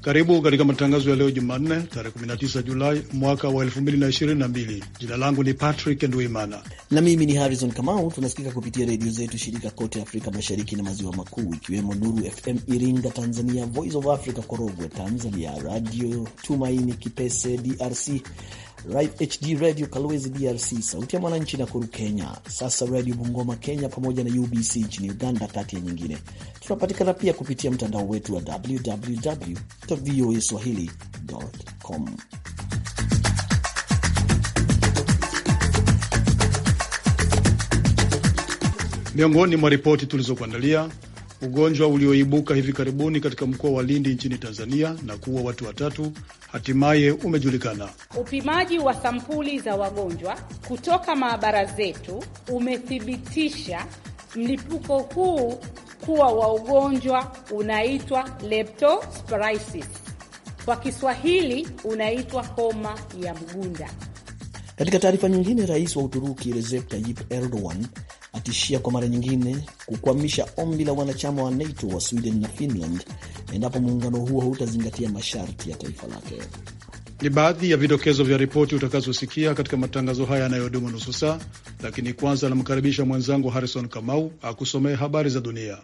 Karibu katika matangazo ya leo Jumanne, tarehe 19 Julai mwaka wa 2022. Jina langu ni Patrick Ndwimana na mimi ni Harrison Kamau. Tunasikika kupitia redio zetu shirika kote Afrika Mashariki na Maziwa Makuu, ikiwemo Nuru FM Iringa Tanzania, Voice of Africa Korogwe Tanzania, Radio Tumaini Kipese DRC, Live HD Radio Kalwezi DRC, Sauti ya Mwananchi Nakuru Kenya, sasa Radio Bungoma Kenya, pamoja na UBC nchini Uganda, kati ya nyingine. Tunapatikana pia kupitia mtandao wetu wa www voa swahilicom Miongoni mwa ripoti tulizokuandalia ugonjwa ulioibuka hivi karibuni katika mkoa wa Lindi nchini Tanzania na kuua watu watatu hatimaye umejulikana. Upimaji wa sampuli za wagonjwa kutoka maabara zetu umethibitisha mlipuko huu kuwa wa ugonjwa unaitwa leptospirosis, kwa Kiswahili unaitwa homa ya mgunda. Katika taarifa nyingine, rais wa Uturuki Recep Tayyip Erdogan atishia kwa mara nyingine kukwamisha ombi la wanachama wa NATO wa Sweden na Finland endapo muungano huo hautazingatia masharti ya taifa lake. Ni baadhi ya vidokezo vya ripoti utakazosikia katika matangazo haya yanayodumu nusu saa, lakini kwanza anamkaribisha mwenzangu Harrison Kamau akusomee habari za dunia.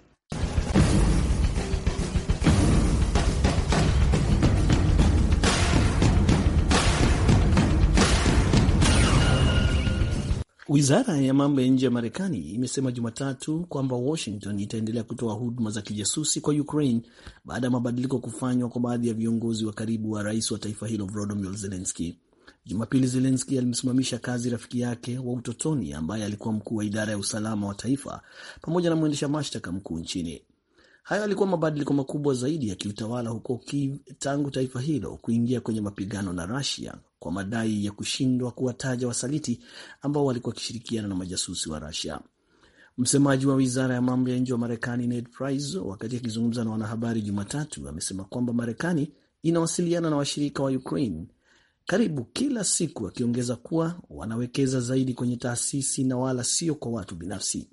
Wizara ya mambo ya nje ya Marekani imesema Jumatatu kwamba Washington itaendelea kutoa huduma za kijasusi kwa Ukraine baada ya mabadiliko kufanywa kwa baadhi ya viongozi wa karibu wa rais wa taifa hilo Volodymyr Zelensky. Jumapili, zelenski alimsimamisha kazi rafiki yake wa utotoni ambaye alikuwa mkuu wa idara ya usalama wa taifa pamoja na mwendesha mashtaka mkuu nchini. Hayo alikuwa mabadiliko makubwa zaidi ya kiutawala huko Kiev tangu taifa hilo kuingia kwenye mapigano na rusia kwa madai ya kushindwa kuwataja wasaliti ambao walikuwa wakishirikiana na majasusi wa Rusia. Msemaji wa wizara ya mambo ya nje wa Marekani Ned Price, wakati akizungumza na wanahabari Jumatatu, amesema kwamba Marekani inawasiliana na washirika wa Ukraine karibu kila siku, akiongeza kuwa wanawekeza zaidi kwenye taasisi na wala sio kwa watu binafsi.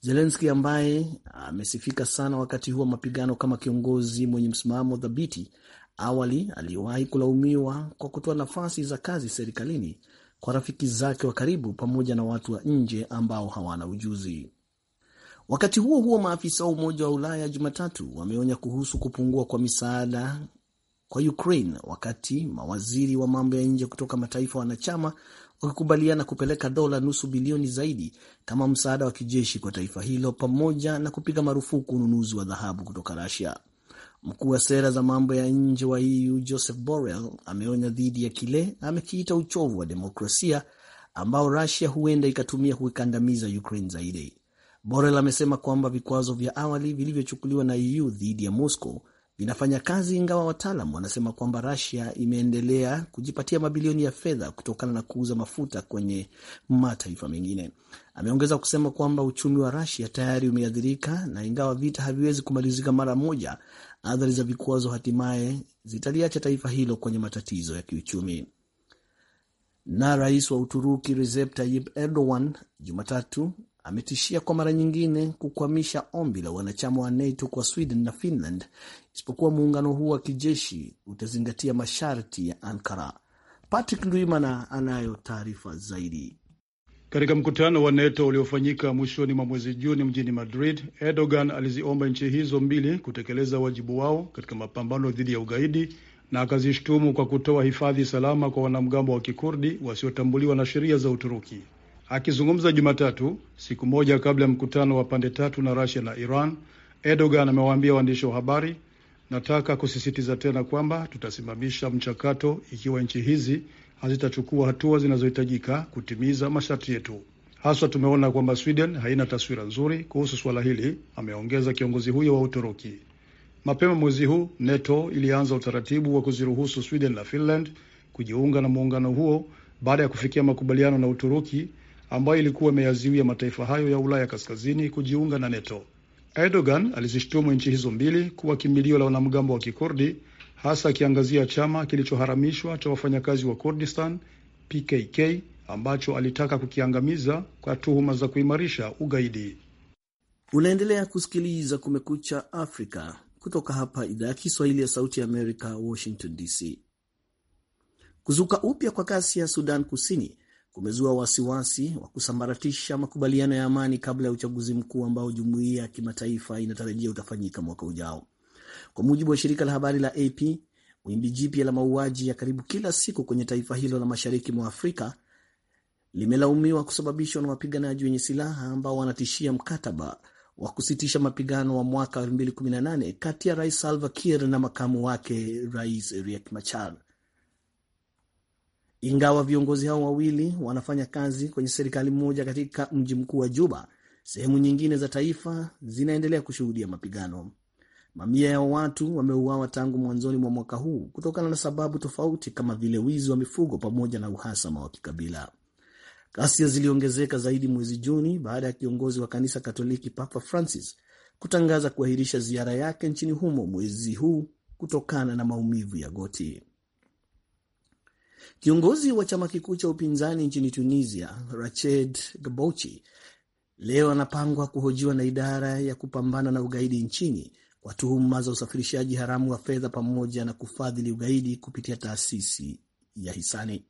Zelenski ambaye amesifika sana wakati huu wa mapigano kama kiongozi mwenye msimamo thabiti Awali aliwahi kulaumiwa kwa kutoa nafasi za kazi serikalini kwa rafiki zake wa karibu pamoja na watu wa nje ambao hawana ujuzi. Wakati huo huo, maafisa wa Umoja wa Ulaya Jumatatu wameonya kuhusu kupungua kwa misaada kwa Ukraine wakati mawaziri wa mambo ya nje kutoka mataifa wanachama wakikubaliana kupeleka dola nusu bilioni zaidi kama msaada wa kijeshi kwa taifa hilo pamoja na kupiga marufuku ununuzi wa dhahabu kutoka Russia. Mkuu wa sera za mambo ya nje wa EU Joseph Borrell ameonya dhidi ya kile amekiita uchovu wa demokrasia ambao rasia huenda ikatumia kuikandamiza Ukraine zaidi. Borrell amesema kwamba vikwazo vya awali vilivyochukuliwa na EU dhidi ya Moscow vinafanya kazi, ingawa wataalam wanasema kwamba rasia imeendelea kujipatia mabilioni ya fedha kutokana na kuuza mafuta kwenye mataifa mengine. Ameongeza kusema kwamba uchumi wa rasia tayari umeathirika, na ingawa vita haviwezi kumalizika mara moja, Athari za vikwazo hatimaye zitaliacha taifa hilo kwenye matatizo ya kiuchumi. Na rais wa Uturuki Recep Tayyip Erdogan Jumatatu ametishia kwa mara nyingine kukwamisha ombi la wanachama wa NATO kwa Sweden na Finland, isipokuwa muungano huo wa kijeshi utazingatia masharti ya Ankara. Patrick Ndwimana anayo taarifa zaidi. Katika mkutano wa NATO uliofanyika mwishoni mwa mwezi Juni mjini Madrid, Erdogan aliziomba nchi hizo mbili kutekeleza wajibu wao katika mapambano dhidi ya ugaidi na akazishtumu kwa kutoa hifadhi salama kwa wanamgambo wa kikurdi wasiotambuliwa na sheria za Uturuki. Akizungumza Jumatatu, siku moja kabla ya mkutano wa pande tatu na Rusia na Iran, Erdogan amewaambia waandishi wa habari, nataka kusisitiza tena kwamba tutasimamisha mchakato ikiwa nchi hizi hazitachukua hatua zinazohitajika kutimiza masharti yetu. Haswa tumeona kwamba Sweden haina taswira nzuri kuhusu suala hili, ameongeza kiongozi huyo wa Uturuki. Mapema mwezi huu NATO ilianza utaratibu wa kuziruhusu Sweden na Finland kujiunga na muungano huo baada ya kufikia makubaliano na Uturuki ambayo ilikuwa imeyaziwia mataifa hayo ya Ulaya kaskazini kujiunga na NATO. Erdogan alizishtumu nchi hizo mbili kuwa kimbilio la wanamgambo wa Kikurdi hasa akiangazia chama kilichoharamishwa cha wafanyakazi wa Kurdistan PKK ambacho alitaka kukiangamiza kwa tuhuma za kuimarisha ugaidi. Unaendelea kusikiliza Kumekucha Afrika kutoka hapa idhaa ya Kiswahili ya Sauti ya Amerika, Washington DC. Kuzuka upya kwa kasi ya Sudan Kusini kumezua wasiwasi wa kusambaratisha makubaliano ya amani kabla ya uchaguzi mkuu ambao jumuiya ya kimataifa inatarajia utafanyika mwaka ujao. Kwa mujibu wa shirika la habari la AP, wimbi jipya la mauaji ya karibu kila siku kwenye taifa hilo la mashariki mwa Afrika limelaumiwa kusababishwa na wapiganaji wenye silaha ambao wanatishia mkataba wa kusitisha mapigano wa mwaka 2018 kati ya Rais Salva Kiir na makamu wake Rais Riek Machar. Ingawa viongozi hao wawili wanafanya kazi kwenye serikali moja katika mji mkuu wa Juba, sehemu nyingine za taifa zinaendelea kushuhudia mapigano. Mamia ya watu wameuawa tangu mwanzoni mwa mwaka huu kutokana na sababu tofauti kama vile wizi wa mifugo pamoja na uhasama wa kikabila. Ghasia ziliongezeka zaidi mwezi Juni baada ya kiongozi wa kanisa Katoliki Papa Francis kutangaza kuahirisha ziara yake nchini humo mwezi huu kutokana na maumivu ya goti. Kiongozi wa chama kikuu cha upinzani nchini Tunisia Rached gabochi leo anapangwa kuhojiwa na idara ya kupambana na ugaidi nchini kwa tuhuma za usafirishaji haramu wa fedha pamoja na kufadhili ugaidi kupitia taasisi ya hisani.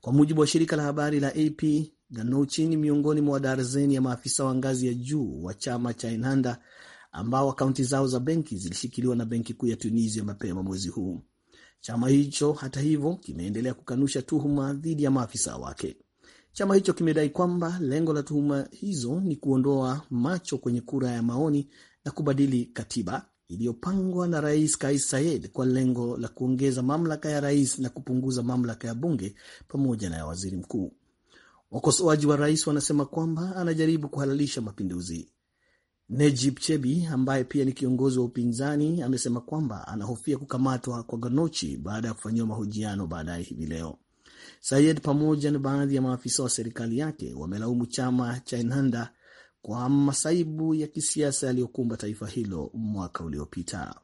Kwa mujibu wa shirika la habari la AP, Ganuchi ni miongoni mwa darzeni ya maafisa wa ngazi ya juu wa chama cha Ennahda ambao akaunti zao za benki zilishikiliwa na benki kuu ya Tunisia mapema mwezi huu. Chama hicho hata hivyo kimeendelea kukanusha tuhuma dhidi ya maafisa wake. Chama hicho kimedai kwamba lengo la tuhuma hizo ni kuondoa macho kwenye kura ya maoni na kubadili katiba iliyopangwa na Rais Kais Saied kwa lengo la kuongeza mamlaka ya rais na kupunguza mamlaka ya bunge pamoja na ya waziri mkuu. Wakosoaji wa rais wanasema kwamba anajaribu kuhalalisha mapinduzi. Najib Chebi ambaye pia ni kiongozi wa upinzani amesema kwamba anahofia kukamatwa kwa Ganochi baada ya kufanyiwa mahojiano baadaye hivi leo. Sayed pamoja na baadhi ya maafisa wa serikali yake wamelaumu chama cha Enhada kwa masaibu ya kisiasa yaliyokumba taifa hilo mwaka uliopita.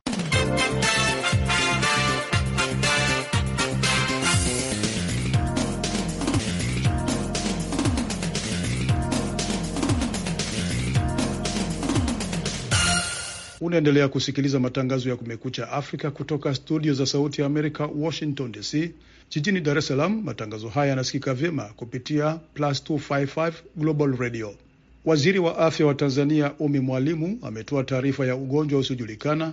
Unaendelea kusikiliza matangazo ya Kumekucha Afrika kutoka studio za Sauti ya Amerika, Washington DC. Jijini Dar es Salaam, matangazo haya yanasikika vyema kupitia plus 255 Global Radio. Waziri wa afya wa Tanzania Umi Mwalimu ametoa taarifa ya ugonjwa usiojulikana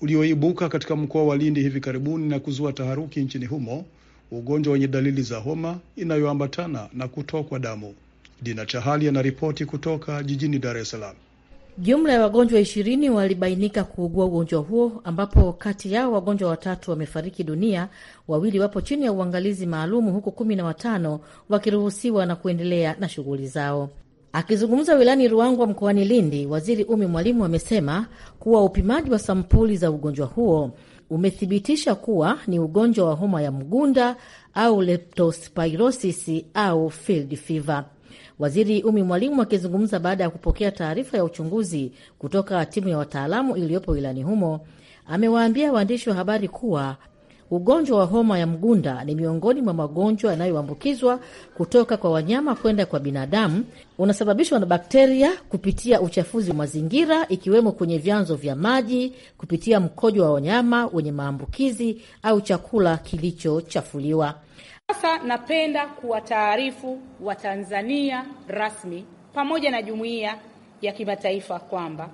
ulioibuka katika mkoa wa Lindi hivi karibuni na kuzua taharuki nchini humo, ugonjwa wenye dalili za homa inayoambatana na kutokwa damu. Dina Chahali anaripoti kutoka jijini Dar es Salaam. Jumla ya wagonjwa ishirini walibainika kuugua ugonjwa huo ambapo kati yao wagonjwa watatu wamefariki dunia, wawili wapo chini ya uangalizi maalumu, huku kumi na watano wakiruhusiwa na kuendelea na shughuli zao. Akizungumza wilani Ruangwa mkoani Lindi, Waziri Umi Mwalimu amesema kuwa upimaji wa sampuli za ugonjwa huo umethibitisha kuwa ni ugonjwa wa homa ya mgunda au leptospirosis au field fever. Waziri Umi Mwalimu akizungumza baada ya kupokea taarifa ya uchunguzi kutoka timu ya wataalamu iliyopo wilani humo amewaambia waandishi wa habari kuwa Ugonjwa wa homa ya mgunda ni miongoni mwa magonjwa yanayoambukizwa kutoka kwa wanyama kwenda kwa binadamu. Unasababishwa na bakteria kupitia uchafuzi wa mazingira, ikiwemo kwenye vyanzo vya maji, kupitia mkojo wa wanyama wenye maambukizi au chakula kilichochafuliwa. Sasa napenda kuwataarifu Watanzania rasmi pamoja na jumuiya ya kimataifa kwamba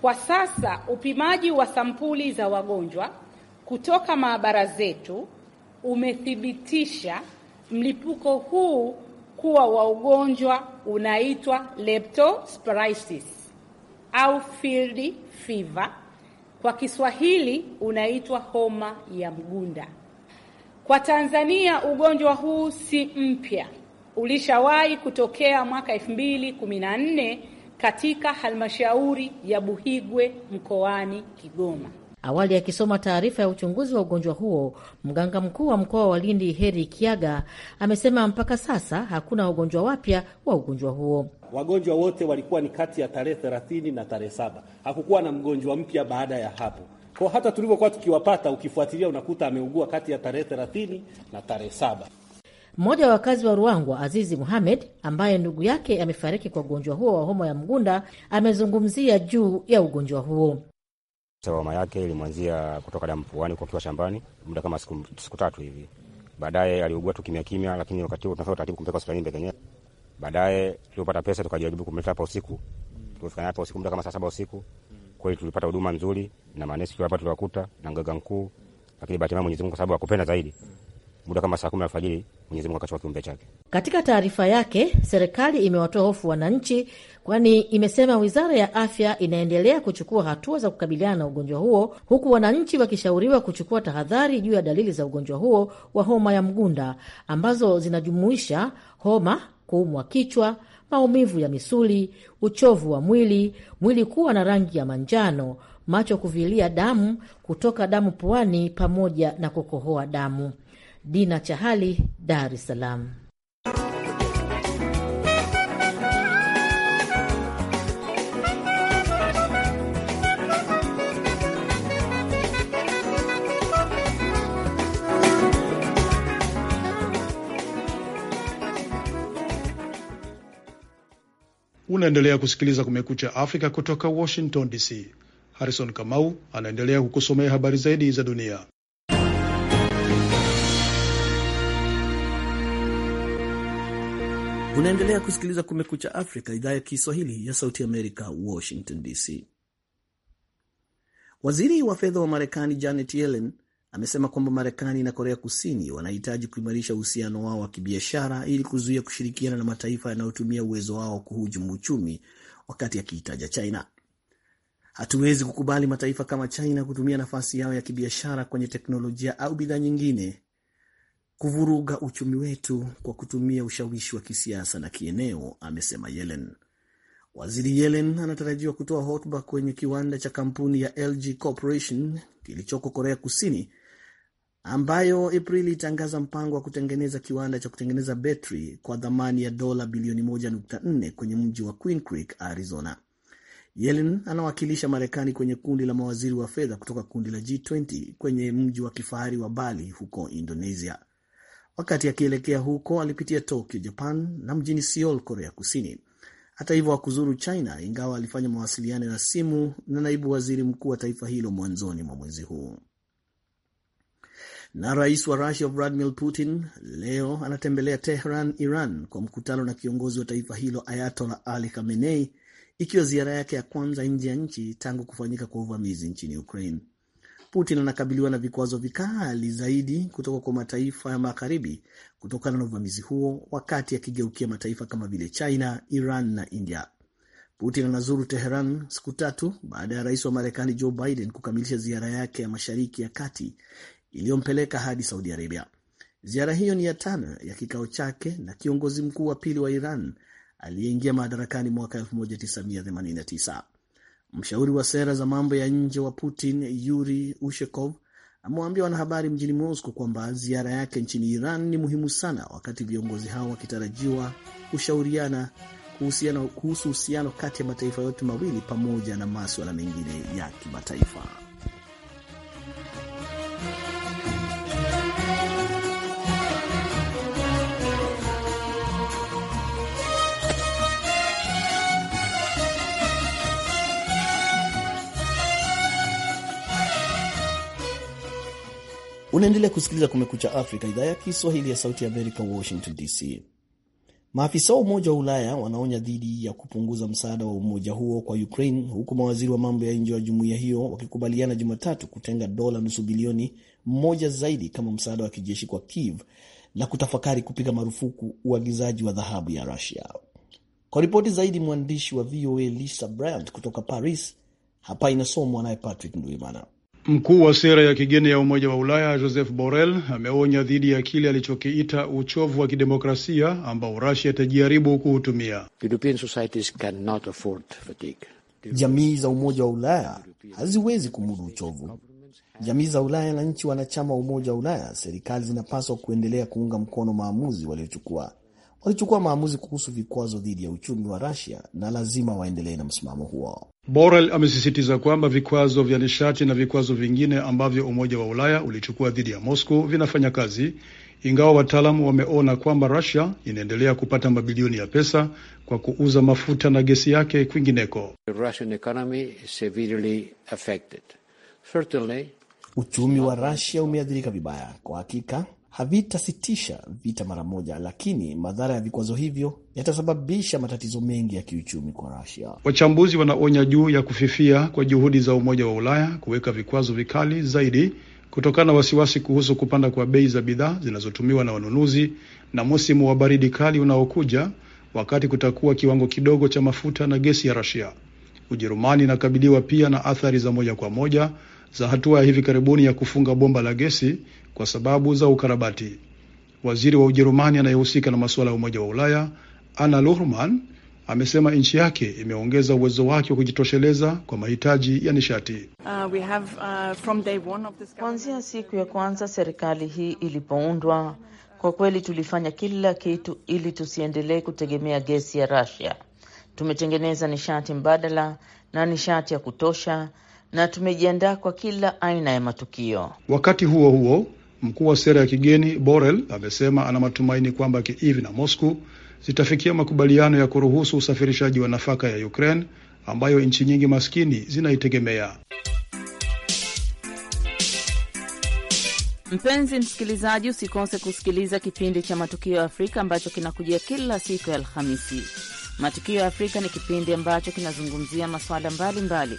kwa sasa upimaji wa sampuli za wagonjwa kutoka maabara zetu umethibitisha mlipuko huu kuwa wa ugonjwa unaitwa leptospirosis au field fever, kwa Kiswahili unaitwa homa ya mgunda. Kwa Tanzania ugonjwa huu si mpya, ulishawahi kutokea mwaka 2014 katika halmashauri ya Buhigwe mkoani Kigoma. Awali akisoma taarifa ya uchunguzi wa ugonjwa huo, mganga mkuu wa mkoa wa Lindi Heri Kiaga amesema mpaka sasa hakuna wagonjwa wapya wa ugonjwa huo. Wagonjwa wote walikuwa ni kati ya tarehe thelathini na tarehe saba. Hakukuwa na mgonjwa mpya baada ya hapo. Kwa hata tulivyokuwa tukiwapata, ukifuatilia unakuta ameugua kati ya tarehe thelathini na tarehe saba. Mmoja wa wakazi wa Ruangwa, Azizi Muhamed, ambaye ndugu yake amefariki kwa ugonjwa huo wa homa ya mgunda, amezungumzia juu ya ugonjwa huo. Mama yake ilimwanzia kutoka damu puani kwa kiwa shambani muda kama siku, siku tatu hivi. Baadaye aliugua tu kimya kimya, lakini wakati huo tunafanya utaratibu kumpeleka hospitalini peke yake. Baadaye tulipata pesa tukajaribu kumleta hapa usiku. Tulifika hapa usiku muda kama saa saba usiku. Kweli tulipata huduma nzuri na manesi hapa tuliwakuta na mganga mkuu, lakini bahati mbaya Mwenyezi Mungu kwa sababu akupenda zaidi muda kama saa kumi alfajiri Mwenyezi Mungu kiumbe chake. Katika taarifa yake, serikali imewatoa hofu wananchi, kwani imesema wizara ya afya inaendelea kuchukua hatua za kukabiliana na ugonjwa huo, huku wananchi wakishauriwa kuchukua tahadhari juu ya dalili za ugonjwa huo wa homa ya mgunda ambazo zinajumuisha homa, kuumwa kichwa, maumivu ya misuli, uchovu wa mwili, mwili kuwa na rangi ya manjano, macho kuvilia damu, kutoka damu puani, pamoja na kukohoa damu. Dina Chahali, Dar es Salaam. Unaendelea kusikiliza Kumekucha Afrika kutoka Washington DC. Harrison Kamau anaendelea kukusomea habari zaidi za dunia. Unaendelea kusikiliza Kumekucha Afrika, idhaa ya Kiswahili ya Sauti Amerika, Washington DC. Waziri wa fedha wa Marekani Janet Yellen amesema kwamba Marekani na Korea Kusini wanahitaji kuimarisha uhusiano wao wa kibiashara ili kuzuia kushirikiana na mataifa yanayotumia uwezo wao kuhujumu uchumi, wakati akiitaja China. Hatuwezi kukubali mataifa kama China kutumia nafasi yao ya kibiashara kwenye teknolojia au bidhaa nyingine kuvuruga uchumi wetu kwa kutumia ushawishi wa kisiasa na kieneo, amesema Yellen. Waziri Yellen anatarajiwa kutoa hotuba kwenye kiwanda cha kampuni ya LG Corporation kilichoko Korea Kusini, ambayo Aprili itangaza mpango wa kutengeneza kiwanda cha kutengeneza betri kwa dhamani ya dola bilioni 1.4 kwenye mji wa Queen Creek, Arizona. Yellen anawakilisha Marekani kwenye kundi la mawaziri wa fedha kutoka kundi la G20 kwenye mji wa kifahari wa Bali huko Indonesia. Wakati akielekea huko, alipitia Tokyo, Japan na mjini Seoul, Korea Kusini. Hata hivyo, hakuzuru China, ingawa alifanya mawasiliano ya simu na naibu waziri mkuu wa taifa hilo mwanzoni mwa mwezi huu. Na rais wa Rusia Vladimir Putin leo anatembelea Tehran, Iran, kwa mkutano na kiongozi wa taifa hilo Ayatola Ali Khamenei, ikiwa ziara yake ya kwanza nje ya nchi tangu kufanyika kwa uvamizi nchini Ukraine. Putin anakabiliwa na vikwazo vikali zaidi kutoka kwa mataifa ya magharibi kutokana na uvamizi huo, wakati akigeukia mataifa kama vile China, Iran na India. Putin anazuru Teheran siku tatu baada ya rais wa Marekani Joe Biden kukamilisha ziara yake ya Mashariki ya Kati iliyompeleka hadi Saudi Arabia. Ziara hiyo ni ya tano ya kikao chake na kiongozi mkuu wa pili wa Iran aliyeingia madarakani mwaka 1989. Mshauri wa sera za mambo ya nje wa Putin, Yuri Ushakov, amewaambia wanahabari mjini Moscow kwamba ziara yake nchini Iran ni muhimu sana, wakati viongozi hao wakitarajiwa kushauriana kuhusu uhusiano kati ya mataifa yote mawili pamoja na maswala mengine ya kimataifa. Unaendelea kusikiliza Kumekucha Afrika, idhaa ya Kiswahili ya Sauti ya Amerika, Washington DC. Maafisa wa Umoja wa Ulaya wanaonya dhidi ya kupunguza msaada wa umoja huo kwa Ukraine, huku mawaziri wa mambo ya nje wa jumuiya hiyo wakikubaliana Jumatatu kutenga dola nusu bilioni moja zaidi kama msaada wa kijeshi kwa Kiev na kutafakari kupiga marufuku uagizaji wa dhahabu ya rusia Kwa ripoti zaidi, mwandishi wa VOA Lisa Bryant kutoka Paris. Hapa inasomwa naye Patrick Ndwimana. Mkuu wa sera ya kigeni ya Umoja wa Ulaya Joseph Borrell ameonya dhidi ya kile alichokiita uchovu wa kidemokrasia ambao Urusi itajaribu kuutumia. Jamii za Umoja wa Ulaya haziwezi kumudu uchovu. Jamii za Ulaya na nchi wanachama wa Umoja wa Ulaya, serikali zinapaswa kuendelea kuunga mkono maamuzi waliochukua. Walichukua maamuzi kuhusu vikwazo dhidi ya uchumi wa rasia na lazima waendelee na msimamo huo. Borrell amesisitiza kwamba vikwazo vya nishati na vikwazo vingine ambavyo Umoja wa Ulaya ulichukua dhidi ya Moscow vinafanya kazi, ingawa wataalamu wameona kwamba Russia inaendelea kupata mabilioni ya pesa kwa kuuza mafuta na gesi yake kwingineko. Uchumi wa Russia umeathirika vibaya. Kwa hakika havitasitisha vita mara moja, lakini madhara ya vikwazo hivyo yatasababisha matatizo mengi ya kiuchumi kwa Russia. Wachambuzi wanaonya juu ya kufifia kwa juhudi za Umoja wa Ulaya kuweka vikwazo vikali zaidi kutokana na wasiwasi kuhusu kupanda kwa bei za bidhaa zinazotumiwa na wanunuzi na msimu wa baridi kali unaokuja, wakati kutakuwa kiwango kidogo cha mafuta na gesi ya Russia. Ujerumani inakabiliwa pia na athari za moja kwa moja za hatua ya hivi karibuni ya kufunga bomba la gesi kwa sababu za ukarabati. Waziri wa Ujerumani anayehusika na masuala ya Umoja wa Ulaya Anna Lohrmann amesema nchi yake imeongeza uwezo wake wa kujitosheleza kwa mahitaji ya nishati. Uh, uh, Kuanzia uh, siku ya kwanza serikali hii ilipoundwa, kwa kweli tulifanya kila kitu ili tusiendelee kutegemea gesi ya Russia. Tumetengeneza nishati mbadala na nishati ya kutosha na tumejiandaa kwa kila aina ya matukio. Wakati huo huo, mkuu wa sera ya kigeni Borel amesema ana matumaini kwamba Kiev na Moscow zitafikia makubaliano ya kuruhusu usafirishaji wa nafaka ya Ukraine ambayo nchi nyingi maskini zinaitegemea. Mpenzi msikilizaji, usikose kusikiliza kipindi cha Matukio ya Afrika ambacho kinakujia kila siku ya Alhamisi. Matukio ya Afrika ni kipindi ambacho kinazungumzia masuala mbalimbali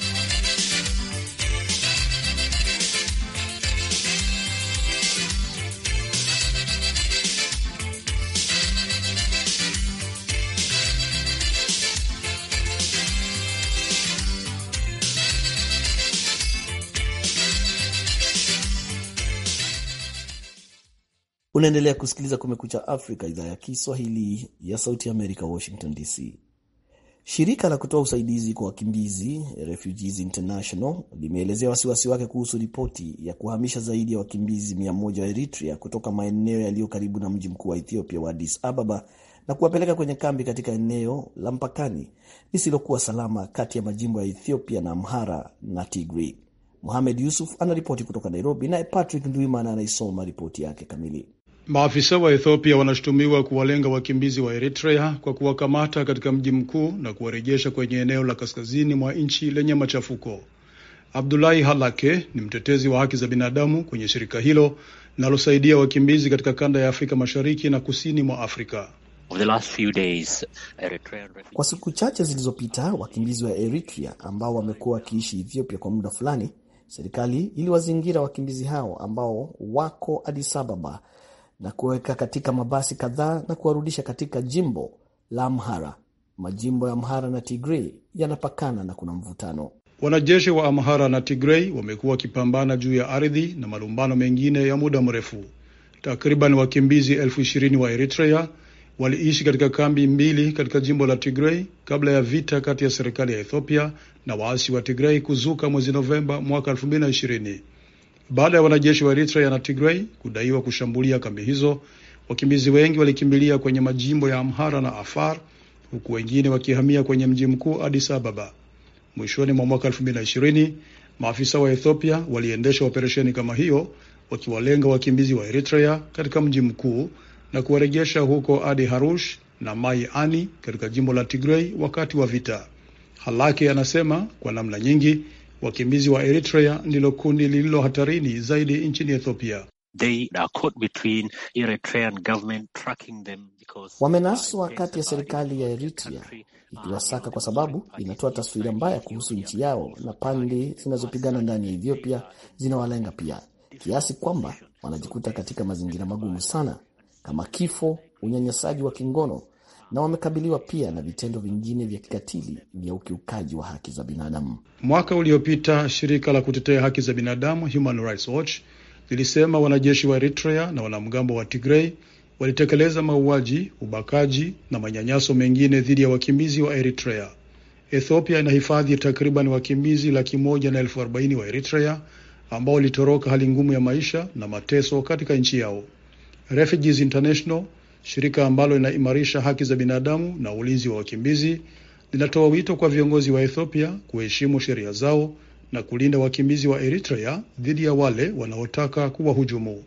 Unaendelea kusikiliza Kumekucha Afrika, idhaa ya Kiswahili ya Sauti Amerika, Washington DC. Shirika la kutoa usaidizi kwa wakimbizi Refugees International limeelezea wasiwasi wake kuhusu ripoti ya kuhamisha zaidi ya wakimbizi 1 wa Eritrea kutoka maeneo yaliyo karibu na mji mkuu wa Ethiopia wa Addis Ababa na kuwapeleka kwenye kambi katika eneo la mpakani lisilokuwa salama kati ya majimbo ya Ethiopia na Amhara na Tigray. Mohamed Yusuf anaripoti kutoka Nairobi, naye Patrick Ndwimana anaisoma ripoti yake kamili. Maafisa wa Ethiopia wanashutumiwa kuwalenga wakimbizi wa Eritrea kwa kuwakamata katika mji mkuu na kuwarejesha kwenye eneo la kaskazini mwa nchi lenye machafuko. Abdulahi Halake ni mtetezi wa haki za binadamu kwenye shirika hilo linalosaidia wakimbizi katika kanda ya Afrika Mashariki na kusini mwa Afrika. Days, Eritrea... kwa siku chache zilizopita wakimbizi wa Eritrea ambao wamekuwa wakiishi Ethiopia kwa muda fulani, serikali iliwazingira wakimbizi hao ambao wako Addis Ababa na kuweka katika mabasi kadhaa na kuwarudisha katika jimbo la Amhara. Majimbo ya Amhara na Tigrei yanapakana na kuna mvutano. Wanajeshi wa Amhara na Tigrei wamekuwa wakipambana juu ya ardhi na malumbano mengine ya muda mrefu. Takriban wakimbizi elfu ishirini wa Eritrea waliishi katika kambi mbili katika jimbo la Tigrei kabla ya vita kati ya serikali ya Ethiopia na waasi wa Tigrei kuzuka mwezi Novemba mwaka baada ya wanajeshi wa Eritrea na Tigray kudaiwa kushambulia kambi hizo, wakimbizi wengi walikimbilia kwenye majimbo ya Amhara na Afar, huku wengine wakihamia kwenye mji mkuu Addis Ababa. Mwishoni mwa mwaka 2020 maafisa wa Ethiopia waliendesha operesheni kama hiyo wakiwalenga wakimbizi wa Eritrea katika mji mkuu na kuwarejesha huko Adi Harush na Mai Ani katika jimbo la Tigray wakati wa vita. Halake anasema kwa namna nyingi Wakimbizi wa Eritrea ndilo kundi lililo hatarini zaidi nchini Ethiopia. Wamenaswa kati ya serikali ya Eritrea uh, ikiwasaka kwa sababu inatoa taswira mbaya kuhusu nchi yao, na pande zinazopigana ndani ya Ethiopia zinawalenga pia, kiasi kwamba wanajikuta katika mazingira magumu sana kama kifo, unyanyasaji wa kingono na wamekabiliwa pia na vitendo vingine vya kikatili vya ukiukaji wa haki za binadamu. Mwaka uliopita shirika la kutetea haki za binadamu Human Rights Watch lilisema wanajeshi wa Eritrea na wanamgambo wa Tigrei walitekeleza mauaji, ubakaji na manyanyaso mengine dhidi ya wakimbizi wa Eritrea. Ethiopia inahifadhi takriban wakimbizi laki moja na elfu arobaini wa Eritrea ambao walitoroka hali ngumu ya maisha na mateso katika nchi yao. Refugees International shirika ambalo linaimarisha haki za binadamu na ulinzi wa wakimbizi linatoa wito kwa viongozi wa Ethiopia kuheshimu sheria zao na kulinda wakimbizi wa Eritrea dhidi ya wale wanaotaka kuwahujumu.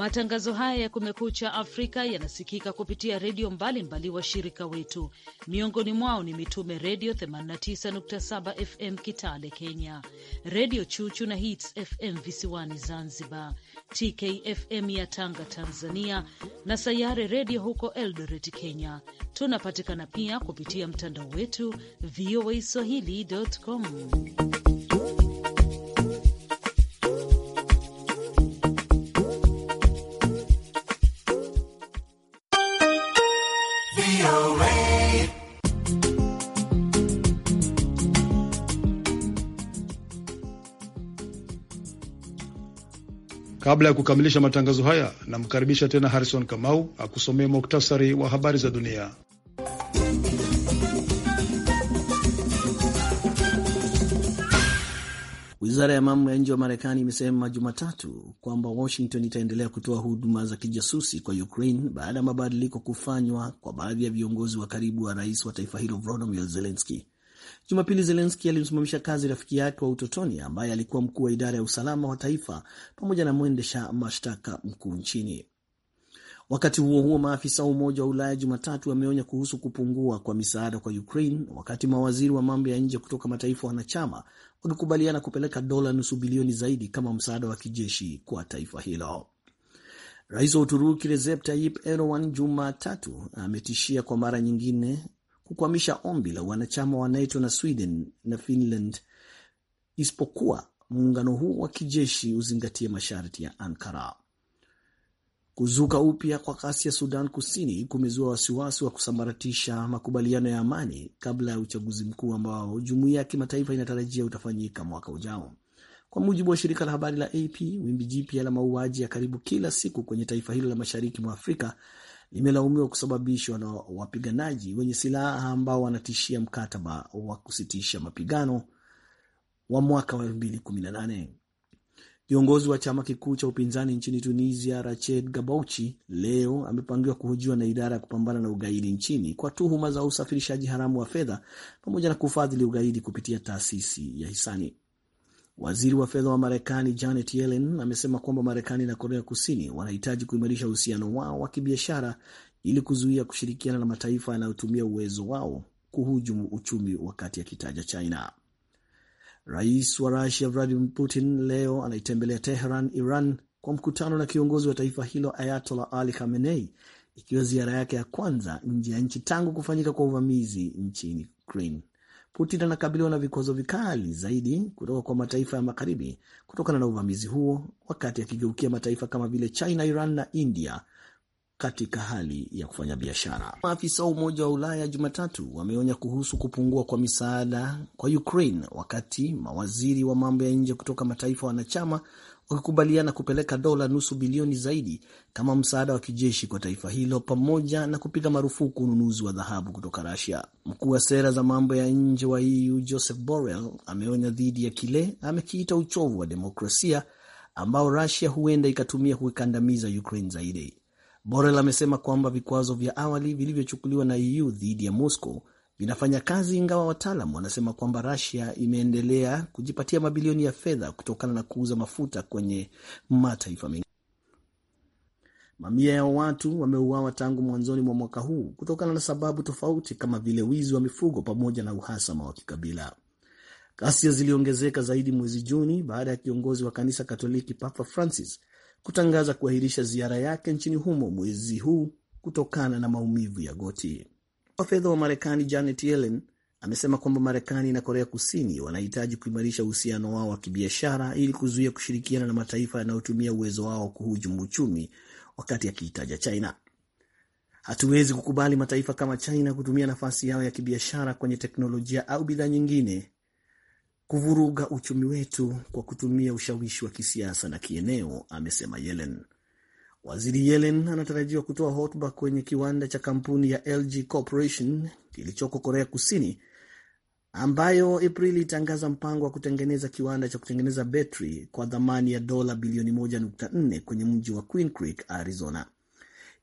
Matangazo haya ya Kumekucha Afrika yanasikika kupitia redio mbalimbali washirika wetu, miongoni mwao ni Mitume Redio 89.7 FM Kitale Kenya, Redio Chuchu na Hits FM visiwani Zanzibar, TKFM ya Tanga Tanzania, na Sayare Redio huko Eldoret Kenya. Tunapatikana pia kupitia mtandao wetu voa swahili.com. Kabla ya kukamilisha matangazo haya, namkaribisha tena Harrison Kamau akusomee muktasari wa habari za dunia. Wizara ya mambo ya nje wa Marekani imesema Jumatatu kwamba Washington itaendelea kutoa huduma za kijasusi kwa Ukraine baada ya mabadiliko kufanywa kwa baadhi ya viongozi wa karibu wa rais wa taifa hilo Volodymyr Zelensky. Jumapili, Zelenski alimsimamisha kazi rafiki yake wa utotoni ambaye alikuwa mkuu wa idara ya usalama wa taifa pamoja na mwendesha mashtaka mkuu nchini. Wakati huo huo, maafisa wa Umoja wa Ulaya Jumatatu wameonya kuhusu kupungua kwa misaada kwa Ukraine, wakati mawaziri wa mambo ya nje kutoka mataifa wanachama wakikubaliana kupeleka dola nusu bilioni zaidi kama msaada wa kijeshi kwa taifa hilo. Rais wa Uturuki Recep Tayyip Erdogan Jumatatu ametishia kwa mara nyingine kukwamisha ombi la wanachama wa NATO na Sweden na Finland, isipokuwa muungano huo wa kijeshi uzingatie masharti ya Ankara. Kuzuka upya kwa kasi ya Sudan Kusini kumezua wasiwasi wa kusambaratisha makubaliano ya amani kabla ya uchaguzi mkuu ambao jumuiya ya kimataifa inatarajia utafanyika mwaka ujao. Kwa mujibu wa shirika la habari la AP, wimbi jipya la mauaji ya karibu kila siku kwenye taifa hilo la mashariki mwa Afrika limelaumiwa kusababishwa na wapiganaji wenye silaha ambao wanatishia mkataba wa kusitisha mapigano wa mwaka wa 2018. Kiongozi wa chama kikuu cha upinzani nchini Tunisia, Rached Gabouchi, leo amepangiwa kuhojiwa na idara ya kupambana na ugaidi nchini kwa tuhuma za usafirishaji haramu wa fedha pamoja na kufadhili ugaidi kupitia taasisi ya hisani. Waziri wa fedha wa Marekani Janet Yellen amesema kwamba Marekani na Korea Kusini wanahitaji kuimarisha uhusiano wao wa kibiashara ili kuzuia kushirikiana na mataifa yanayotumia uwezo wao kuhujumu uchumi, wakati akitaja China. Rais wa Rusia Vladimir Putin leo anaitembelea Teheran, Iran, kwa mkutano na kiongozi wa taifa hilo Ayatollah Ali Khamenei, ikiwa ziara yake ya kwanza nje ya nchi tangu kufanyika kwa uvamizi nchini Ukraine. Putin anakabiliwa na vikwazo vikali zaidi kutoka kwa mataifa ya magharibi kutokana na uvamizi huo, wakati akigeukia mataifa kama vile China, Iran na India katika hali ya kufanya biashara. Maafisa wa Umoja wa Ulaya Jumatatu wameonya kuhusu kupungua kwa misaada kwa Ukraine, wakati mawaziri wa mambo ya nje kutoka mataifa wanachama wakikubaliana kupeleka dola nusu bilioni zaidi kama msaada wa kijeshi kwa taifa hilo pamoja na kupiga marufuku ununuzi wa dhahabu kutoka rasia Mkuu wa sera za mambo ya nje wa EU Joseph Borrell ameonya dhidi ya kile amekiita uchovu wa demokrasia ambao rasia huenda ikatumia kuikandamiza Ukraine zaidi. Borrell amesema kwamba vikwazo vya awali vilivyochukuliwa na EU dhidi ya Moscow vinafanya kazi, ingawa wataalam wanasema kwamba rasia imeendelea kujipatia mabilioni ya fedha kutokana na kuuza mafuta kwenye mataifa mengi. Mamia ya watu wameuawa tangu mwanzoni mwa mwaka huu kutokana na sababu tofauti kama vile wizi wa mifugo pamoja na uhasama wa kikabila. Ghasia ziliongezeka zaidi mwezi Juni baada ya kiongozi wa kanisa Katoliki Papa Francis kutangaza kuahirisha ziara yake nchini humo mwezi huu kutokana na maumivu ya goti wa fedha wa Marekani Janet Yellen amesema kwamba Marekani na Korea Kusini wanahitaji kuimarisha uhusiano wao wa kibiashara ili kuzuia kushirikiana na mataifa yanayotumia uwezo wao kuhujumu uchumi, wakati akiitaja China. Hatuwezi kukubali mataifa kama China kutumia nafasi yao ya kibiashara kwenye teknolojia au bidhaa nyingine kuvuruga uchumi wetu kwa kutumia ushawishi wa kisiasa na kieneo, amesema Yellen. Waziri Yellen anatarajiwa kutoa hotuba kwenye kiwanda cha kampuni ya LG Corporation kilichoko Korea Kusini, ambayo Aprili itangaza mpango wa kutengeneza kiwanda cha kutengeneza betri kwa thamani ya dola bilioni 1.4 kwenye mji wa Queen Creek, Arizona.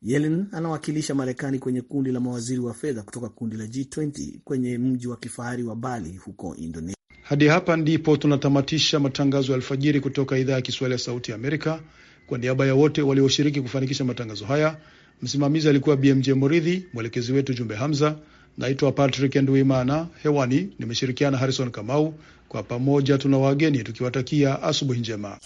Yellen anawakilisha Marekani kwenye kundi la mawaziri wa fedha kutoka kundi la G20 kwenye mji wa kifahari wa Bali huko Indonesia. Hadi hapa ndipo tunatamatisha matangazo ya alfajiri kutoka idhaa ya Kiswahili ya Sauti ya Amerika. Kwa niaba ya wote walioshiriki kufanikisha matangazo haya, msimamizi alikuwa BMJ Moridhi, mwelekezi wetu Jumbe Hamza. Naitwa Patrick Nduimana, hewani nimeshirikiana Harrison Kamau. Kwa pamoja tuna wageni tukiwatakia asubuhi njema.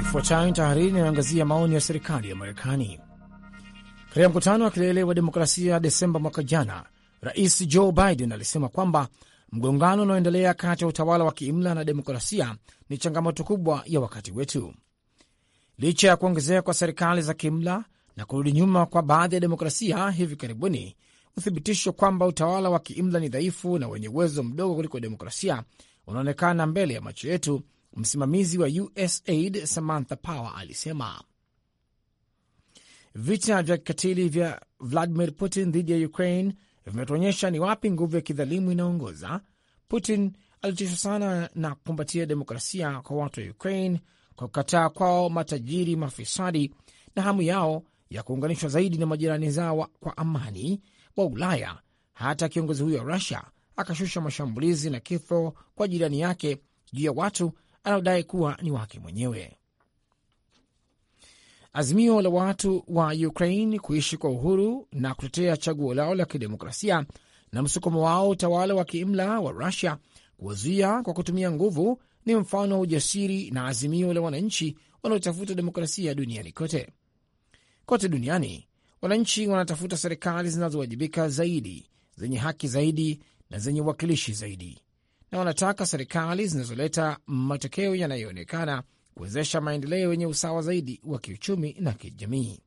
Ifuatayo ni tahariri inayoangazia maoni ya serikali ya Marekani. Katika mkutano wa kilele wa demokrasia Desemba mwaka jana, Rais Joe Biden alisema kwamba mgongano unaoendelea kati ya utawala wa kiimla na demokrasia ni changamoto kubwa ya wakati wetu. Licha ya kuongezeka kwa serikali za kiimla na kurudi nyuma kwa baadhi ya demokrasia hivi karibuni, uthibitisho kwamba utawala wa kiimla ni dhaifu na wenye uwezo mdogo kuliko demokrasia unaonekana mbele ya macho yetu, msimamizi wa USAID Samantha Power alisema. Vita vya kikatili vya Vladimir Putin dhidi ya Ukraine vimetuonyesha ni wapi nguvu ya kidhalimu inaongoza. Putin alitishwa sana na kukumbatia demokrasia kwa watu wa Ukraine kwa kukataa kwao matajiri mafisadi na hamu yao ya kuunganishwa zaidi na majirani zao kwa amani wa Ulaya. Hata kiongozi huyo wa Rusia akashusha mashambulizi na kifo kwa jirani yake juu ya watu anaodai kuwa ni wake mwenyewe. Azimio la watu wa Ukraine kuishi kwa uhuru na kutetea chaguo lao la kidemokrasia na msukumo wao utawala wa kiimla wa Rusia kuwazuia kwa kutumia nguvu ni mfano wa ujasiri na azimio la wananchi wanaotafuta demokrasia duniani kote. Kote duniani wananchi wanatafuta serikali zinazowajibika zaidi, zenye haki zaidi na zenye uwakilishi zaidi, na wanataka serikali zinazoleta matokeo yanayoonekana kuwezesha maendeleo yenye usawa zaidi wa kiuchumi na kijamii.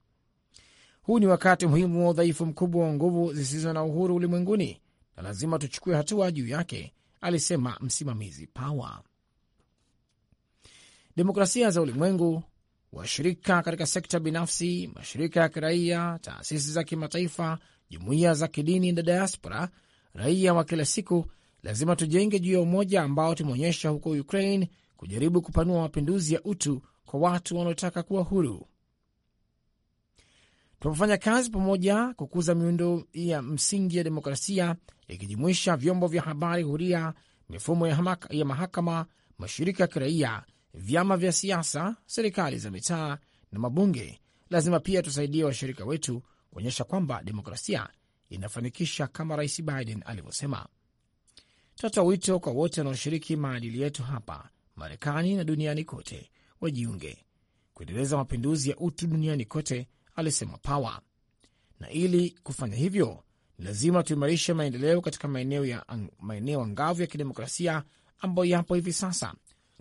Huu ni wakati muhimu wa udhaifu mkubwa wa nguvu zisizo na uhuru ulimwenguni, na lazima tuchukue hatua juu yake, alisema msimamizi Power. Demokrasia za ulimwengu, washirika katika sekta binafsi, mashirika ya kiraia, taasisi za kimataifa, jumuiya za kidini na diaspora, raia wa kila siku, lazima tujenge juu ya umoja ambao tumeonyesha huko Ukraine kujaribu kupanua mapinduzi ya utu kwa watu wanaotaka kuwa huru. Tunapofanya kazi pamoja kukuza miundo ya msingi ya demokrasia ikijumuisha vyombo vya habari huria, mifumo ya, hamaka, ya mahakama, mashirika ya kiraia, vyama vya siasa, serikali za mitaa na mabunge, lazima pia tusaidie washirika wetu kuonyesha kwamba demokrasia inafanikisha kama Rais Biden alivyosema. Tunatoa wito kwa wote wanaoshiriki maadili yetu hapa Marekani na duniani kote wajiunge kuendeleza mapinduzi ya utu duniani kote, alisema Power. Na ili kufanya hivyo ni lazima tuimarishe maendeleo katika maeneo ya maeneo angavu ya kidemokrasia ambayo yapo hivi sasa,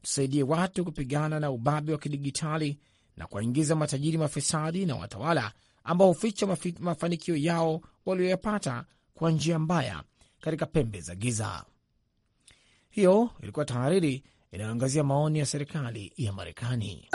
tusaidie watu kupigana na ubabe wa kidigitali na kuwaingiza matajiri mafisadi na watawala ambao huficha mafanikio yao walioyapata kwa njia mbaya katika pembe za giza. Hiyo ilikuwa tahariri inayoangazia maoni ya serikali ya Marekani.